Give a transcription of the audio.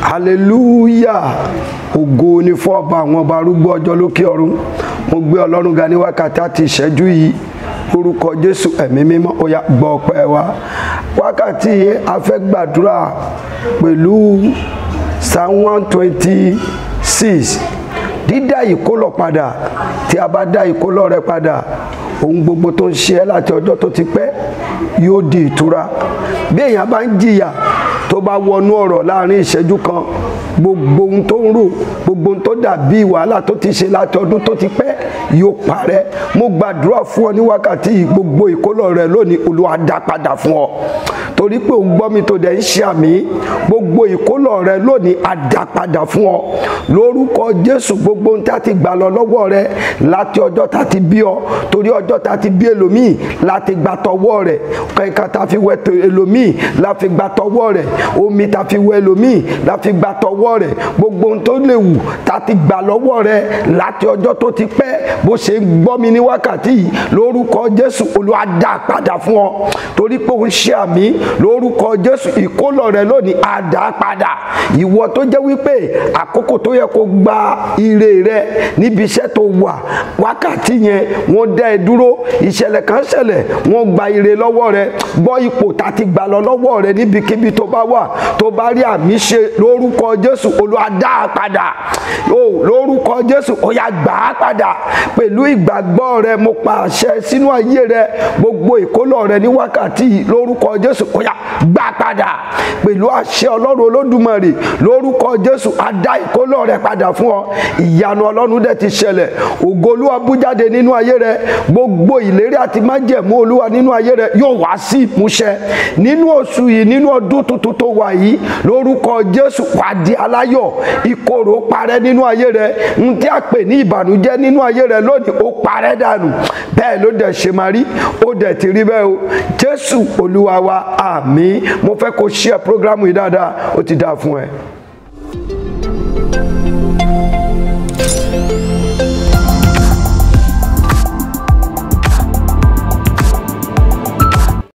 hallelujah ògo ni fún ọba àwọn ọba arúgbó ọjọ́ lókè ọ̀run mo gbé ọlọ́run ga ní wákàtí àti ìṣẹ́jú yìí orúkọ jésù ẹ̀mí mímọ́ ó gbọ́ ọpẹ́ wa wákàtí yìí a fẹ́ gbàdúrà pẹ̀lú psalm one twenty six dídá ìkólọ padà tí a bá dá ìkólọ rẹ padà ohun gbogbo tó ń ṣe ẹ́ láti ọjọ́ tó ti pẹ́ yóò di ìtura bí èèyàn bá ń jìyà tó bá wọnú ọ̀rọ̀ láàrin ìṣẹ́jú kan gbogbo ohun tó ń rò gbogbo ohun tó dàbí wàhálà tó ti ṣe láti ọdún tó ti pẹ́ yóò parẹ́ mo gbàdúrà fún ọ ní wákàtí gbogbo ìkólọ rẹ lónìí Olúwa padà fún ọ torí pé òun gbọ́ mi tó dẹ̀ ń ṣe àmì gbogbo ìkólọ̀ rẹ lónìí àdàpadà fún ọ lórúkọ jésù gbogbo ohun tá ti gbà lọ lọ́wọ́ rẹ láti ọjọ́ tá ti bí ọ torí ọjọ́ tá ti bí ẹlòmíì láti gbà tọwọ́ rẹ kẹ̀kẹ́ tá fi wẹ ẹlòmíì láti gbà tọwọ́ rẹ omi tá fi wẹ ẹlòmíì láti gbà sọ́wọ́ rẹ̀ gbogbo ohun tó lè wù tá ti gbà lọ́wọ́ rẹ̀ láti ọjọ́ tó ti pẹ́ bó ṣe ń gbọ́ mi ní wákàtí yìí lórúkọ Jésù Olúwa dá padà fún ọ torí pé òun ṣe àmì lórúkọ Jésù ìkólọ rẹ lónìí á padà ìwọ tó jẹ́ wípé àkókò tó yẹ kó gba ire rẹ níbi iṣẹ́ tó wà wákàtí yẹn wọ́n dá ẹ dúró ìṣẹ̀lẹ̀ kan ṣẹlẹ̀ wọ́n gba ire lọ́wọ́ rẹ gbọ́ ipò tá ti gbà lọ lọ́wọ́ rẹ níbikíbi tó bá wà tó bá rí àmì ṣe lórúkọ jésù olúwa dá a padà lórúkọ jésù ó yá gbà á padà pẹ̀lú ìgbàgbọ́ rẹ mo pa àṣẹ sínú ayé rẹ gbogbo ìkólọ rẹ ní wákàtí lórúkọ jésù ó gbà ìlú àṣẹ ọlọ́run olódùmarè lórúkọ jésù á dá ìkólọ́ rẹ padà fún ọ ìyanu ọlọ́run dẹ̀ ti ṣẹlẹ̀ ògo olúwa bú jáde nínú ayé rẹ gbogbo ìlérí àti májẹ̀mú olúwa nínú ayé rẹ yóò wá sí ìmúṣẹ nínú oṣù yìí nínú ọdún tuntun tó wà yìí lórúkọ jésù pàdé aláyọ̀ ìkorò parẹ́ nínú ayé rẹ n tí a pè ní ìbànújẹ́ nínú ayé rẹ lónìí ó parẹ́ dànù bẹ́ẹ̀ ló dẹ̀ ṣe máa rí ó dẹ̀ ti rí bẹ́ẹ̀ o jésù olúwa wa àmín mo fẹ́ kó ṣe program programu yìí dáadáa ó ti dáa fún ẹ. thank you